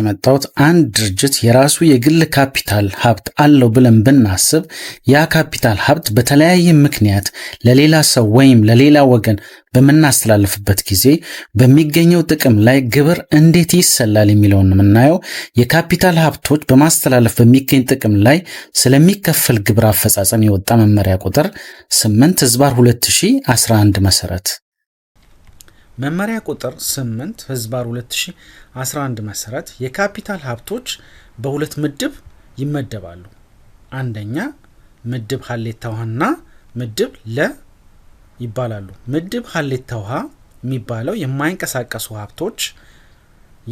የመጣሁት አንድ ድርጅት የራሱ የግል ካፒታል ሀብት አለው ብለን ብናስብ ያ ካፒታል ሀብት በተለያየ ምክንያት ለሌላ ሰው ወይም ለሌላ ወገን በምናስተላልፍበት ጊዜ በሚገኘው ጥቅም ላይ ግብር እንዴት ይሰላል የሚለውን የምናየው የካፒታል ሀብቶች በማስተላለፍ በሚገኝ ጥቅም ላይ ስለሚከፈል ግብር አፈጻጸም የወጣ መመሪያ ቁጥር 8 ህዝባር 2011 መሰረት መመሪያ ቁጥር 8 ህዝባር 2011 መሰረት የካፒታል ሀብቶች በሁለት ምድብ ይመደባሉ። አንደኛ ምድብ ሀሌታ ውሃና ምድብ ለ ይባላሉ። ምድብ ሀሌታ ውሃ የሚባለው የማይንቀሳቀሱ ሀብቶች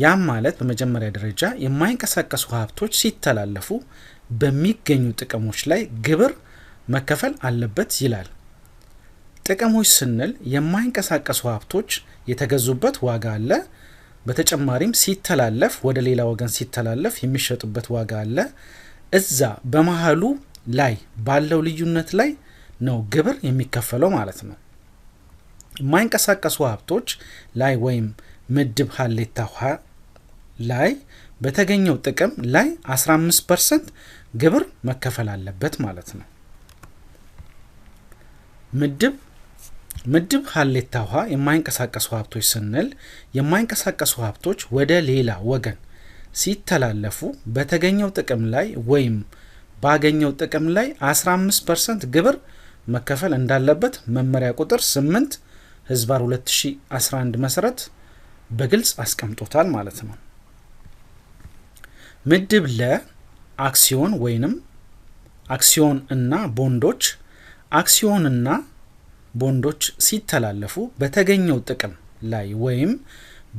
ያም ማለት በመጀመሪያ ደረጃ የማይንቀሳቀሱ ሀብቶች ሲተላለፉ በሚገኙ ጥቅሞች ላይ ግብር መከፈል አለበት ይላል። ጥቅሞች ስንል የማይንቀሳቀሱ ሀብቶች የተገዙበት ዋጋ አለ። በተጨማሪም ሲተላለፍ ወደ ሌላ ወገን ሲተላለፍ የሚሸጡበት ዋጋ አለ። እዛ በመሀሉ ላይ ባለው ልዩነት ላይ ነው ግብር የሚከፈለው ማለት ነው። የማይንቀሳቀሱ ሀብቶች ላይ ወይም ምድብ ሀሌታ ውሃ ላይ በተገኘው ጥቅም ላይ 15 ፐርሰንት ግብር መከፈል አለበት ማለት ነው ምድብ ምድብ ሀሌታ ውሃ የማይንቀሳቀሱ ሀብቶች ስንል የማይንቀሳቀሱ ሀብቶች ወደ ሌላ ወገን ሲተላለፉ በተገኘው ጥቅም ላይ ወይም ባገኘው ጥቅም ላይ 15 ፐርሰንት ግብር መከፈል እንዳለበት መመሪያ ቁጥር 8 ህዝባር 2011 መሰረት በግልጽ አስቀምጦታል ማለት ነው። ምድብ ለ አክሲዮን ወይንም አክሲዮን እና ቦንዶች አክሲዮንና ቦንዶች ሲተላለፉ በተገኘው ጥቅም ላይ ወይም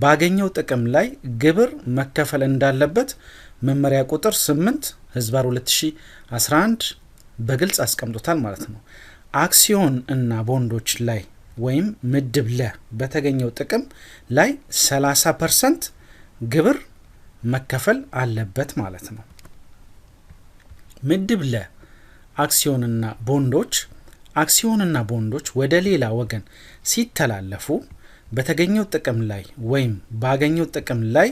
ባገኘው ጥቅም ላይ ግብር መከፈል እንዳለበት መመሪያ ቁጥር 8 ህዝባር 2011 በግልጽ አስቀምጦታል ማለት ነው። አክሲዮን እና ቦንዶች ላይ ወይም ምድብ ለ በተገኘው ጥቅም ላይ 30 ፐርሰንት ግብር መከፈል አለበት ማለት ነው። ምድብ ለ አክሲዮንና ቦንዶች አክሲዮንና ቦንዶች ወደ ሌላ ወገን ሲተላለፉ በተገኘው ጥቅም ላይ ወይም ባገኘው ጥቅም ላይ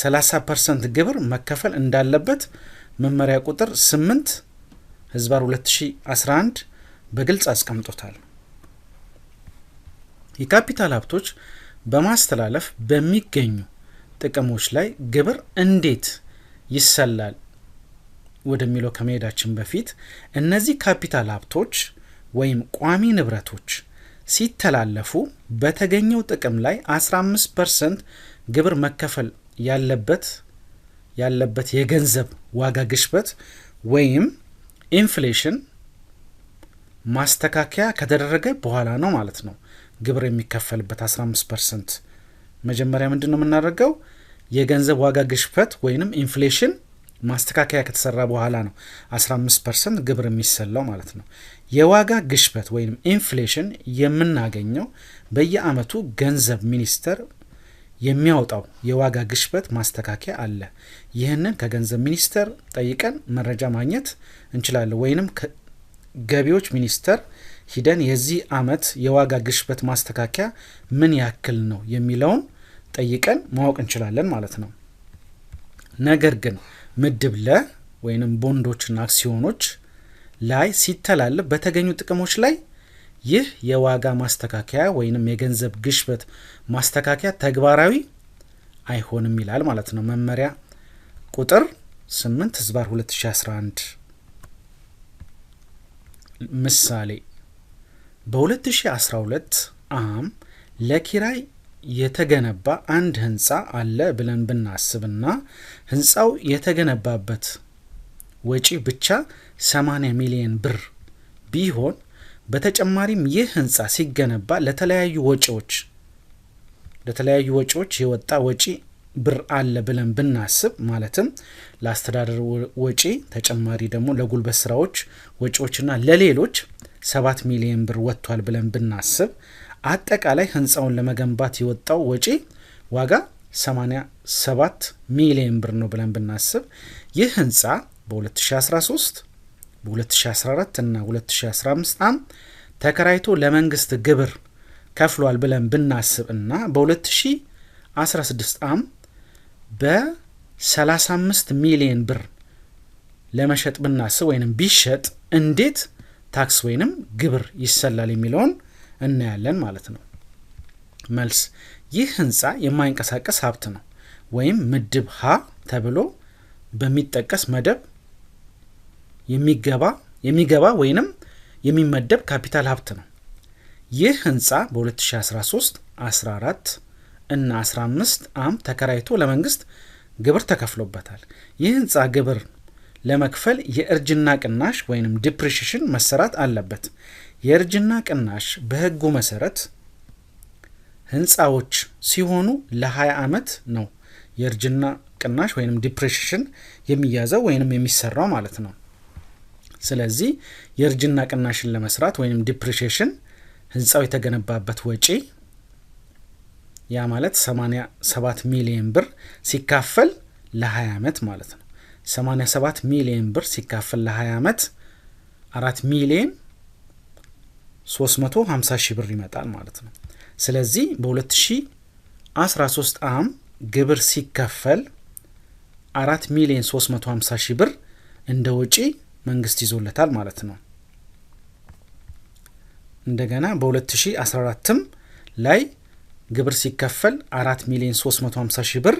30 ፐርሰንት ግብር መከፈል እንዳለበት መመሪያ ቁጥር 8 ህዝባር 2011 በግልጽ አስቀምጦታል። የካፒታል ሀብቶች በማስተላለፍ በሚገኙ ጥቅሞች ላይ ግብር እንዴት ይሰላል ወደሚለው ከመሄዳችን በፊት እነዚህ ካፒታል ሀብቶች ወይም ቋሚ ንብረቶች ሲተላለፉ በተገኘው ጥቅም ላይ 15 ፐርሰንት ግብር መከፈል ያለበት ያለበት የገንዘብ ዋጋ ግሽበት ወይም ኢንፍሌሽን ማስተካከያ ከተደረገ በኋላ ነው ማለት ነው ግብር የሚከፈልበት 15 ፐርሰንት። መጀመሪያ ምንድን ነው የምናደርገው? የገንዘብ ዋጋ ግሽበት ወይንም ኢንፍሌሽን ማስተካከያ ከተሰራ በኋላ ነው 15 ፐርሰንት ግብር የሚሰላው ማለት ነው። የዋጋ ግሽበት ወይም ኢንፍሌሽን የምናገኘው በየአመቱ ገንዘብ ሚኒስቴር የሚያወጣው የዋጋ ግሽበት ማስተካከያ አለ። ይህንን ከገንዘብ ሚኒስቴር ጠይቀን መረጃ ማግኘት እንችላለን። ወይንም ገቢዎች ሚኒስቴር ሂደን የዚህ አመት የዋጋ ግሽበት ማስተካከያ ምን ያክል ነው የሚለውን ጠይቀን ማወቅ እንችላለን ማለት ነው። ነገር ግን ምድብ ለ ወይንም ቦንዶችና አክሲዮኖች ላይ ሲተላለፍ በተገኙ ጥቅሞች ላይ ይህ የዋጋ ማስተካከያ ወይንም የገንዘብ ግሽበት ማስተካከያ ተግባራዊ አይሆንም ይላል ማለት ነው። መመሪያ ቁጥር 8 ህዝባር 2011 ምሳሌ በ2012 አም ለኪራይ የተገነባ አንድ ህንፃ አለ ብለን ብናስብና ህንፃው የተገነባበት ወጪ ብቻ 80 ሚሊዮን ብር ቢሆን በተጨማሪም ይህ ህንፃ ሲገነባ ለተለያዩ ወጪዎች ለተለያዩ ወጪዎች የወጣ ወጪ ብር አለ ብለን ብናስብ ማለትም ለአስተዳደር ወጪ ተጨማሪ ደግሞ ለጉልበት ስራዎች ወጪዎችና ለሌሎች ሰባት ሚሊዮን ብር ወጥቷል ብለን ብናስብ አጠቃላይ ህንፃውን ለመገንባት የወጣው ወጪ ዋጋ 87 ሚሊዮን ብር ነው ብለን ብናስብ ይህ ህንፃ በ2013 በ2014 እና 2015 ዓም ተከራይቶ ለመንግስት ግብር ከፍሏል ብለን ብናስብ እና በ2016 ዓም በ35 ሚሊዮን ብር ለመሸጥ ብናስብ ወይንም ቢሸጥ እንዴት ታክስ ወይንም ግብር ይሰላል የሚለውን እናያለን ማለት ነው። መልስ ይህ ህንፃ የማይንቀሳቀስ ሀብት ነው ወይም ምድብ ሀ ተብሎ በሚጠቀስ መደብ የሚገባ የሚገባ ወይንም የሚመደብ ካፒታል ሀብት ነው። ይህ ህንፃ በ2013፣ 14 እና 15 አም ተከራይቶ ለመንግስት ግብር ተከፍሎበታል። ይህ ህንፃ ግብር ለመክፈል የእርጅና ቅናሽ ወይንም ዲፕሬሽሽን መሰራት አለበት። የእርጅና ቅናሽ በህጉ መሰረት ህንፃዎች ሲሆኑ ለ20 ዓመት ነው የእርጅና ቅናሽ ወይም ዲፕሬሽን የሚያዘው ወይም የሚሰራው ማለት ነው። ስለዚህ የእርጅና ቅናሽን ለመስራት ወይም ዲፕሬሽን ህንፃው የተገነባበት ወጪ ያ ማለት 87 ሚሊዮን ብር ሲካፈል ለ20 ዓመት ማለት ነው። 87 ሚሊዮን ብር ሲካፈል ለ20 ዓመት 4 ሚሊዮን 350 ሺህ ብር ይመጣል ማለት ነው። ስለዚህ በ2013 ዓ.ም ግብር ሲከፈል 4 ሚሊዮን 350 ሺህ ብር እንደ ወጪ መንግስት ይዞለታል ማለት ነው። እንደገና በ2014ም ላይ ግብር ሲከፈል 4 ሚሊዮን 350 ሺህ ብር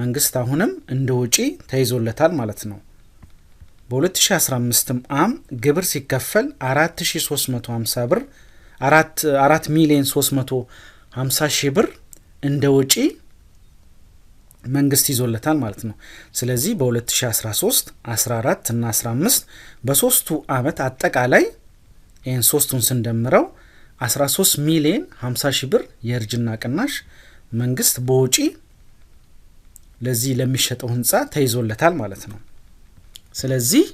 መንግስት አሁንም እንደ ወጪ ተይዞለታል ማለት ነው። በ2015 ዓ.ም ግብር ሲከፈል 4350 ብር 4 ሚሊዮን 350 ሺህ ብር እንደ ወጪ መንግስት ይዞለታል ማለት ነው። ስለዚህ በ2013 14 እና 15 በሶስቱ ዓመት አጠቃላይ ይህን ሶስቱን ስንደምረው 13 ሚሊዮን 50 ሺህ ብር የእርጅና ቅናሽ መንግስት በውጪ ለዚህ ለሚሸጠው ህንፃ ተይዞለታል ማለት ነው። ስለዚህ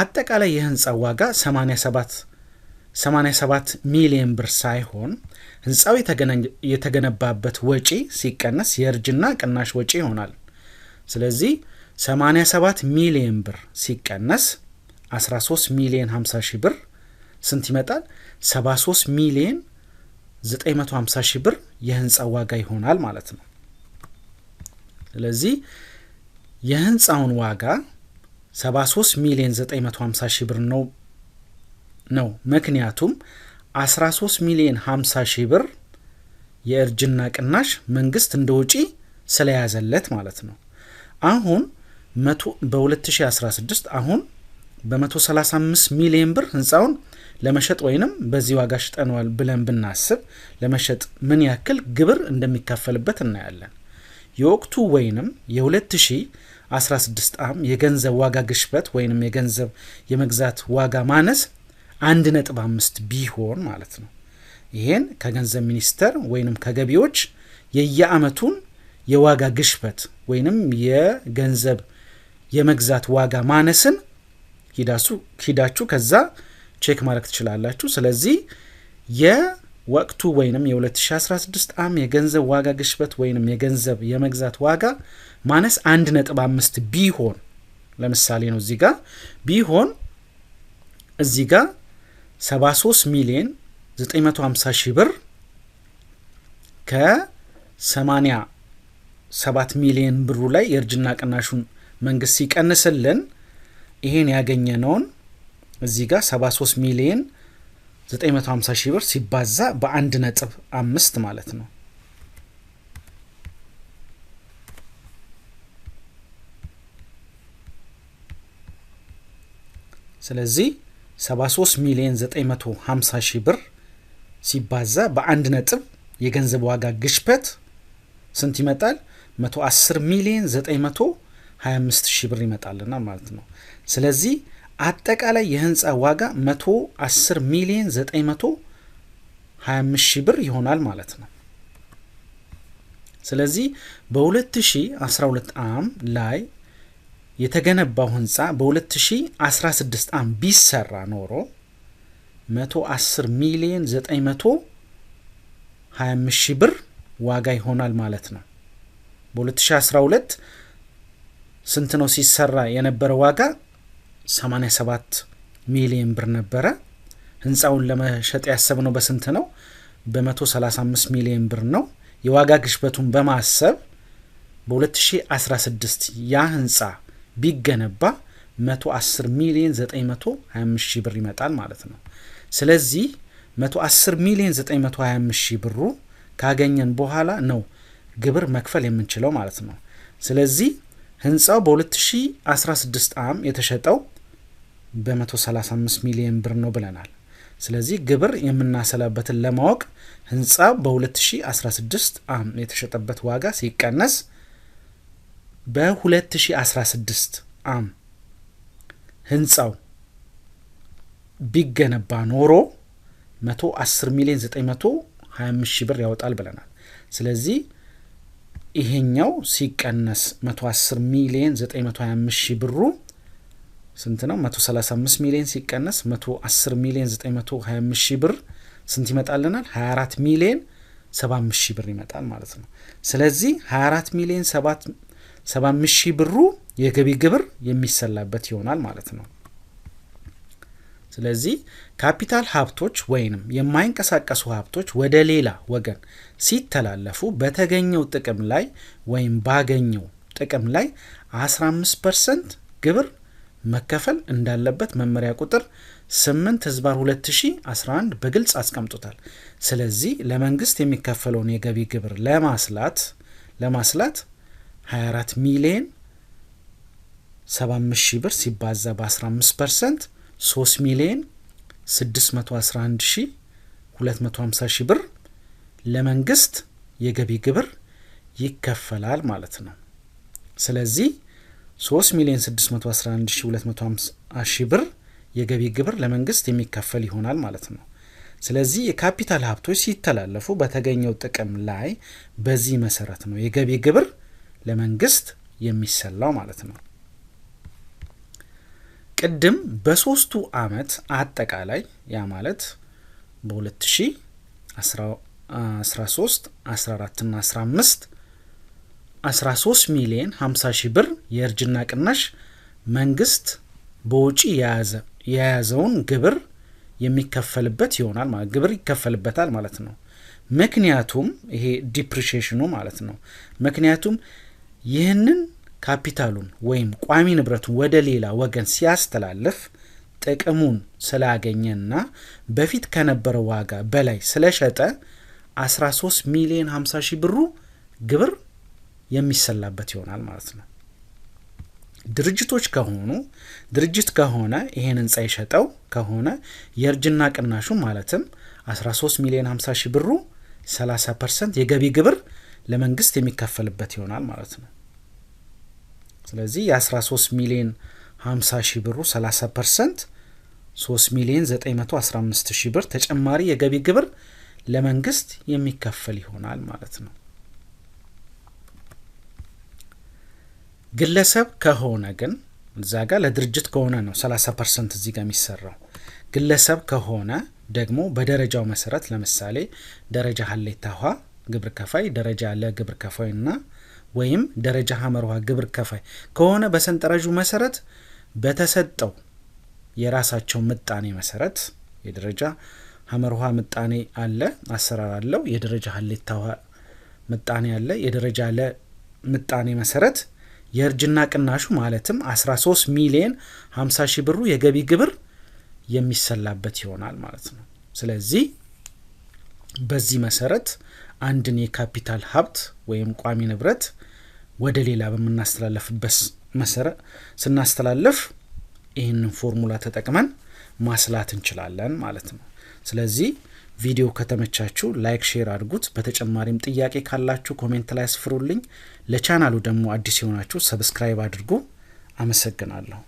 አጠቃላይ የህንፃው ዋጋ 87 ሚሊዮን ብር ሳይሆን ህንፃው የተገነባበት ወጪ ሲቀነስ የእርጅና ቅናሽ ወጪ ይሆናል። ስለዚህ 87 ሚሊዮን ብር ሲቀነስ 13 ሚሊዮን 50 ሺህ ብር ስንት ይመጣል? 73 ሚሊዮን 950 ሺህ ብር የህንፃው ዋጋ ይሆናል ማለት ነው። ስለዚህ የህንፃውን ዋጋ 73 ሚሊዮን 950 ሺህ ብር ነው ነው። ምክንያቱም 13 ሚሊዮን 50 ሺህ ብር የእርጅና ቅናሽ መንግስት እንደ ውጪ ስለያዘለት ማለት ነው። አሁን በ2016 አሁን በ135 ሚሊዮን ብር ህንፃውን ለመሸጥ ወይንም በዚህ ዋጋ ሽጠነዋል ብለን ብናስብ ለመሸጥ ምን ያክል ግብር እንደሚከፈልበት እናያለን። የወቅቱ ወይንም የ2000 16 ዓም የገንዘብ ዋጋ ግሽበት ወይንም የገንዘብ የመግዛት ዋጋ ማነስ 1.5 ቢሆን ማለት ነው። ይህን ከገንዘብ ሚኒስቴር ወይንም ከገቢዎች የየአመቱን የዋጋ ግሽበት ወይንም የገንዘብ የመግዛት ዋጋ ማነስን ሂዳችሁ ከዛ ቼክ ማድረግ ትችላላችሁ። ስለዚህ ወቅቱ ወይንም የ2016 ዓ.ም የገንዘብ ዋጋ ግሽበት ወይንም የገንዘብ የመግዛት ዋጋ ማነስ 1.5 ቢሆን ለምሳሌ ነው እዚህ ጋር ቢሆን እዚህ ጋር 73 ሚሊዮን 950 ሺህ ብር ከ87 ሚሊዮን ብሩ ላይ የእርጅና ቅናሹን መንግስት ሲቀንስልን ይሄን ያገኘነውን እዚህ ጋር 73 ሚሊዮን 950 ሺህ ብር ሲባዛ በአንድ ነጥብ አምስት ማለት ነው። ስለዚህ 73 ሚሊዮን 950 ሺህ ብር ሲባዛ በአንድ ነጥብ የገንዘብ ዋጋ ግሽበት ስንት ይመጣል? 110 ሚሊዮን 925 ሺህ ብር ይመጣልና ማለት ነው። ስለዚህ አጠቃላይ የህንፃ ዋጋ 110 ሚሊዮን 925 ሺህ ብር ይሆናል ማለት ነው። ስለዚህ በ2012 ዓ.ም ላይ የተገነባው ህንፃ በ2016 ዓ.ም ቢሰራ ኖሮ 110 ሚሊዮን 925 ሺህ ብር ዋጋ ይሆናል ማለት ነው። በ2012 ስንት ነው ሲሰራ የነበረ ዋጋ 87 ሚሊዮን ብር ነበረ። ህንፃውን ለመሸጥ ያሰብነው በስንት ነው? በ135 ሚሊዮን ብር ነው። የዋጋ ግሽበቱን በማሰብ በ2016 ያ ህንፃ ቢገነባ 110 ሚሊዮን 925 ሺህ ብር ይመጣል ማለት ነው። ስለዚህ 110 ሚሊዮን 925 ሺህ ብሩ ካገኘን በኋላ ነው ግብር መክፈል የምንችለው ማለት ነው። ስለዚህ ህንፃው በ2016 ዓም የተሸጠው በ135 ሚሊዮን ብር ነው ብለናል። ስለዚህ ግብር የምናሰላበትን ለማወቅ ህንፃ በ2016 ዓም የተሸጠበት ዋጋ ሲቀነስ በ2016 ዓም ህንፃው ቢገነባ ኖሮ 110 ሚሊዮን 925 ሺህ ብር ያወጣል ብለናል። ስለዚህ ይሄኛው ሲቀነስ 110 ሚሊዮን 925 ሺህ ብሩ ስንት ነው? 135 ሚሊዮን ሲቀነስ 110 ሚሊዮን 925 ሺህ ብር ስንት ይመጣልናል? 24 ሚሊዮን 75 ሺህ ብር ይመጣል ማለት ነው። ስለዚህ 24 ሚሊዮን 75 ሺህ ብሩ የገቢ ግብር የሚሰላበት ይሆናል ማለት ነው። ስለዚህ ካፒታል ሀብቶች ወይንም የማይንቀሳቀሱ ሀብቶች ወደ ሌላ ወገን ሲተላለፉ በተገኘው ጥቅም ላይ ወይም ባገኘው ጥቅም ላይ 15 ፐርሰንት ግብር መከፈል እንዳለበት መመሪያ ቁጥር 8 ህዝባር 2011 በግልጽ አስቀምጦታል። ስለዚህ ለመንግስት የሚከፈለውን የገቢ ግብር ለማስላት ለማስላት 24 ሚሊየን 75 ሺህ ብር ሲባዛ በ15 ፐርሰንት 3 ሚሊዮን 611250 ሺ ሺ ብር ለመንግስት የገቢ ግብር ይከፈላል ማለት ነው። ስለዚህ 3 ሚሊዮን 611 ሺ ብር የገቢ ግብር ለመንግስት የሚከፈል ይሆናል ማለት ነው። ስለዚህ የካፒታል ሀብቶች ሲተላለፉ በተገኘው ጥቅም ላይ በዚህ መሰረት ነው የገቢ ግብር ለመንግስት የሚሰላው ማለት ነው። ቅድም በሶስቱ አመት አጠቃላይ ያ ማለት በ2013 14 ና 15 13 ሚሊዮን 50 ሺህ ብር የእርጅና ቅናሽ መንግስት በውጪ የያዘውን ግብር የሚከፈልበት ይሆናል ማለት ግብር ይከፈልበታል ማለት ነው። ምክንያቱም ይሄ ዲፕሪሺየሽኑ ማለት ነው። ምክንያቱም ይህንን ካፒታሉን ወይም ቋሚ ንብረቱን ወደ ሌላ ወገን ሲያስተላልፍ ጥቅሙን ስላገኘና በፊት ከነበረው ዋጋ በላይ ስለሸጠ 13 ሚሊዮን 50 ሺህ ብሩ ግብር የሚሰላበት ይሆናል ማለት ነው። ድርጅቶች ከሆኑ ድርጅት ከሆነ ይሄን ህንፃ የሸጠው ከሆነ የእርጅና ቅናሹ ማለትም 13 ሚሊዮን 50 ሺህ ብሩ 30 ፐርሰንት የገቢ ግብር ለመንግስት የሚከፈልበት ይሆናል ማለት ነው። ስለዚህ የ13 ሚሊዮን 50 ሺህ ብሩ 30 ፐርሰንት 3 ሚሊዮን 915 ሺህ ብር ተጨማሪ የገቢ ግብር ለመንግስት የሚከፈል ይሆናል ማለት ነው። ግለሰብ ከሆነ ግን እዛ ጋር ለድርጅት ከሆነ ነው 30 ፐርሰንት እዚህ ጋር የሚሰራው። ግለሰብ ከሆነ ደግሞ በደረጃው መሰረት ለምሳሌ ደረጃ ሀሌታ ግብር ከፋይ፣ ደረጃ ለግብር ከፋይ እና ወይም ደረጃ ሀመርዋ ግብር ከፋይ ከሆነ በሰንጠረዡ መሰረት በተሰጠው የራሳቸው ምጣኔ መሰረት የደረጃ ሀመርዋ ምጣኔ አለ፣ አሰራር አለው። የደረጃ ሀሌታ ምጣኔ አለ፣ የደረጃ ለ ምጣኔ መሰረት የእርጅና ቅናሹ ማለትም 13 ሚሊየን 50 ሺህ ብሩ የገቢ ግብር የሚሰላበት ይሆናል ማለት ነው። ስለዚህ በዚህ መሰረት አንድን የካፒታል ሀብት ወይም ቋሚ ንብረት ወደ ሌላ በምናስተላለፍበት መሰረ ስናስተላለፍ ይህንን ፎርሙላ ተጠቅመን ማስላት እንችላለን ማለት ነው። ስለዚህ ቪዲዮ ከተመቻችሁ ላይክ፣ ሼር አድርጉት። በተጨማሪም ጥያቄ ካላችሁ ኮሜንት ላይ አስፍሩልኝ። ለቻናሉ ደግሞ አዲስ የሆናችሁ ሰብስክራይብ አድርጉ። አመሰግናለሁ።